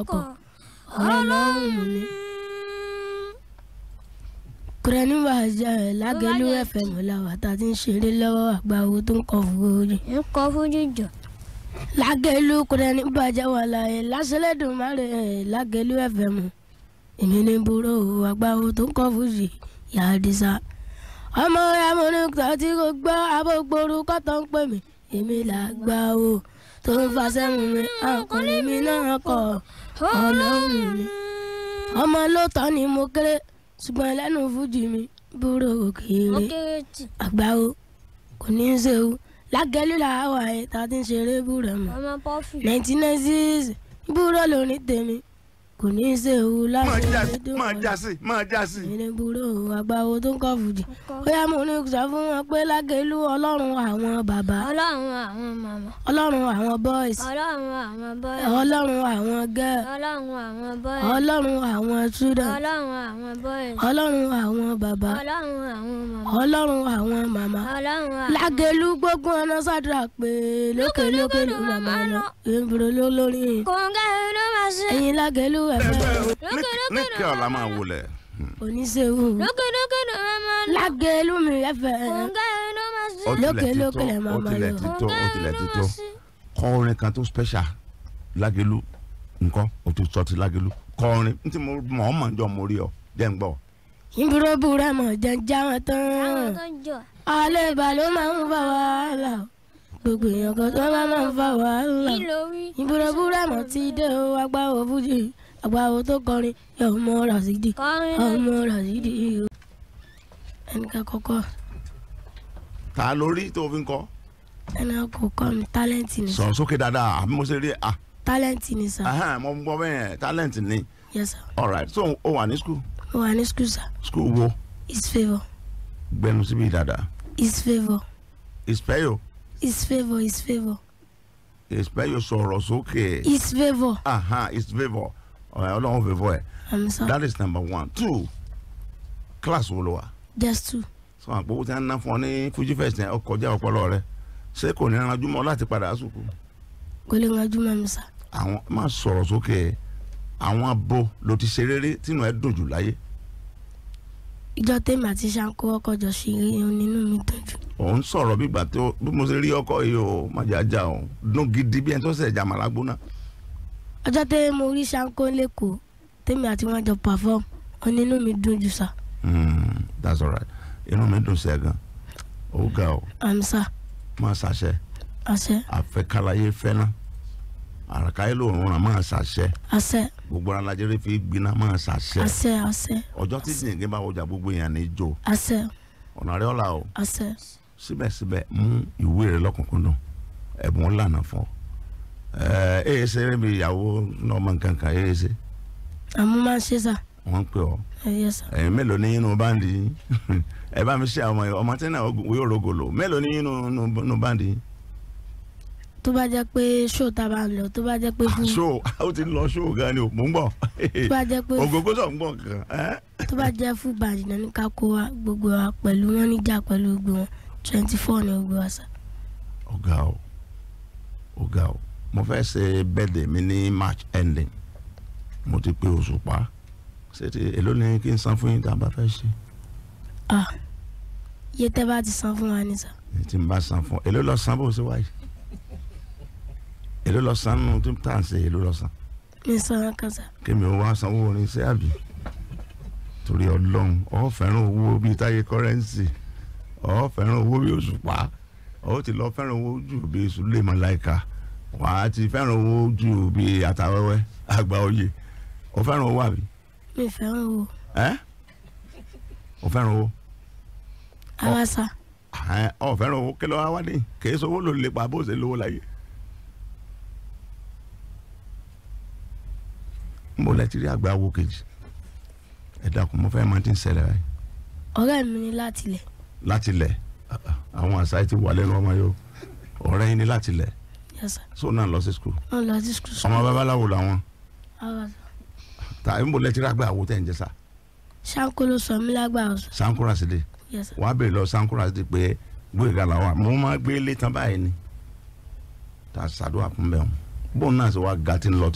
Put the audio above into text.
ọkàn ọlọ́run ni. kúrẹ́nì wà jẹ́ lágẹ̀lú ẹ̀fẹ̀ mọ́láwá tá a ti ń ṣeré lọ́wọ́ àgbà owó tó ń kọ́ fúrúurì. ń kọ́ fúrúurì jọ. lágẹ̀lú kúrẹ́nì bàjẹ́ wà láàyè lásìlẹ́dùn má rè é lágẹ̀lú ẹ̀fẹ̀ mọ́. èmi ní burú àgbà owó tó ń kọ́ fúrúurì yà á dísá. ọmọ rẹ̀ mo ní tọ́tí kò gbọ́ abógboru kọ́tọ̀ ń pè mí èmi là á gbà owó tó ń fasẹ́ mu mi ọkùnrin mi náà kọ̀ ọlọ́run mi. ọmọ lóòótọ́ ni mo kéré ṣùgbọ́n ẹlẹ́nu fújì mi búrò òkèèrè àgbáwo kò ní í ṣe o lágẹ̀lú làwọn àyè tá a ti ń ṣeré búrò mọ́ 1996 búrò lórí tèmi kò ní í ṣe ewu láti rédíò máa já sí máa já sí. ìní burú àgbáwo tó ń kọ́ fùjì bóyá mo ní sọ fún wọn pé lágẹ̀lú ọlọ́run àwọn bàbá. ọlọ́run àwọn màmá. ọlọ́run àwọn boys. ọlọ́run àwọn girl. ọlọ́run àwọn boys. student. ọlọ́run àwọn boys. ọlọ́run àwọn bàbá. ọlọ́run àwọn màmá. ọlọ́run àwọn màmá. ọlọ́run àwọn. lágẹ̀lú gbogbo ọ̀nà sàdúrà pé lókè lókè ló màmá lọ. èèbùrọ̀ ló lórí. kò ń gẹ́ ló ẹ̀yin lágẹ̀lú ẹ̀fẹ́. ní kí ọ̀la máa wọlé. oníṣègùn lágẹ̀lú mi ẹ̀fẹ́. lókèlókè lè máa máa lọ. ó tilẹ̀ ti tó kọ orin kan tó special lágẹ̀lú nǹkan ó ti sọ ti lágẹ̀lú kọ orin ntí mo mọ̀ ọ́n mọ̀ jọ mo rí ọ jẹ́ ń gbọ́. ìbúrọ̀bùrọ̀ mọ̀ jẹ́ jáwọn tán alẹ́ ìbà ló máa ń fa wàhálà gbogbo èèyàn kan tó máa ń fa wàhálà ìbúrọ̀bùrọ̀ ti dé o àgbà wo fújì àgbà wo tó kọrin ọmọ Rasidi ọmọ Rasidi o. ẹnìkan kọ́kọ́. ta lórí tó fi ń kọ́. ẹnì kò kọ́ mi tálẹ́ǹtì ni. sọ sókè dáadáa àbí mo ṣe rí a. tálẹ́ǹtì ni sir. mo ń gbọ́ bẹ́ẹ̀ tálẹ́ǹtì ni. yes sir. all right so o wà ní school. mo wà ní school sir. school wo. his favour. gbẹnu síbi dáadáa. his favour. his favour. his favour his favour ìsìpẹ́yò sọ̀rọ̀ sókè. his favour. aha his favour ọlọ́run favour ẹ̀. àmì sọ. that is number one two class wo ló wà. just two. sọ àpò owó tí wọn ná fún ọ ní fuji fest yẹn ọkọjá ọpọlọ rẹ ṣé kò ní ránjú mọ́ láti padà sùkú. kò lè ránjú mọ́ mi sá. àwọn máa sọ̀rọ̀ sókè àwọn abo ló ti ṣe rere tínú ẹ dùn jù láyé. ìjọ tèmi àti sanko ọkọ̀ jọ ṣe eré nínú mi dùn jù òun sọ̀rọ̀ bí gbà mo ṣe rí ọkọ yìí o má jàjà o dùn gidi bí ẹni tó ṣẹ̀ jàmà lágbóná. ọjọ́ tẹ́lẹ̀ mo rí Ṣáńkó lẹ́kọ̀ọ́ tèmi àti wọn jọ perform ọ̀nà inú mi dùn jù sá. Hmm, that's all right inú mi dùn sí ẹ gan o ga o. àmísà. má ṣàṣẹ. àṣẹ. àfẹkàlàyé fẹ́ná àràkáyé lòun ràn máa ṣàṣẹ. àṣẹ. gbogbo alájẹrẹ fi gbiná máa ṣàṣẹ. àṣẹ àṣẹ. ọjọ́ tí jìnyín bá wọjà gbogbo èèyàn ní í jó. àṣẹ. ọ̀nà rẹ̀ ọ̀la o. àṣẹ síbẹ̀síbẹ̀ mú ìwé rẹ lọ́kùnkúndùn ẹ̀bùn lànà fún ọ ẹ ẹ ṣe rẹ mi ìyàwó náà máa ń kankan ẹ ẹ ṣe. àmú máa ń ṣe sá. wọ́n ń pè ọ́ ẹ̀yin mélòó ní inú báńdì yín ẹ bá mi ṣe àwọn ọmọ tí náà yóò rogolo mélòó ní inú inú báńdì yín. tó bá jẹ́ pé ṣó ta bá ń lọ tó bá jẹ́ pé ṣó ah, o ti lọ ṣó gan ni mò ń bọ̀. tó bá jẹ́ pé ògógó sọ̀ ń bọ̀ kan. tó bá jẹ́ fún bàdìdàn ní ká wa gbogbo wa pẹ̀lú wọn níjà pẹ̀lú gbogbo wọn twenty four ni ogun wa sa. o ọ̀gá o mo fẹ́ ṣe bẹ́ẹ̀dẹ̀ mi ní march ending mo ti pé oṣù pa ṣe ti èló ni kí n san fún yín tá a bá fẹ́ ṣe. ah iye tẹ́ bá ti san fún wa ni sa. iye tí n bá san fún èló lọ san bó ṣe wáyé èló lọ san nù tí tá à ń ṣe èló lọ san. mi sanra kan sa. kémi ò wá sanwó orin sí àbí torí ọlọ́run ọ̀ fẹ́ràn owó bíi táyé kọ́rẹ́ǹsì ọ fẹ́ràn owó bí òṣùpá ó ti lọ fẹ́ràn owó jù bí sùlẹ̀ màláìka wà á ti fẹ́ràn owó jù bí àtàwẹ́wẹ́ àgbà oyè ó fẹ́ràn owó àbí. mi fẹ́ràn owó. ẹ ó fẹ́ràn owó. àwọn sá. ọ fẹ́ràn owó kí ló wá wá dé kì í sọ owó ló lè pa bó ṣe lówó láyé. mo lẹ ti rí àgbà wo kejì ẹ dákun mo fẹ́ máa ti ń ṣẹlẹ̀ báyìí. ọ̀rẹ́ mi ní láti lẹ̀ láti lẹ̀ àwọn àṣà yìí ti wà lẹ́nu ọmọ yòó ọ̀rẹ́ yín ni láti lẹ̀ so náà lọ sí school ọmọ babaláwo làwọn ta ẹ̀ ń bọ̀ lẹ́tírà gbà àwọ̀ tẹ̀ ń jẹ sá. sankolo sọmi lágbàá. sankora sílẹ̀ wàá bèrè lọ sankora sílẹ̀ pé gbẹ̀gà làwọn mo máa gbé létan báyìí ni ta ṣàdúrà fún bẹ́ẹ̀ bóun náà sì wá gàtí lọ.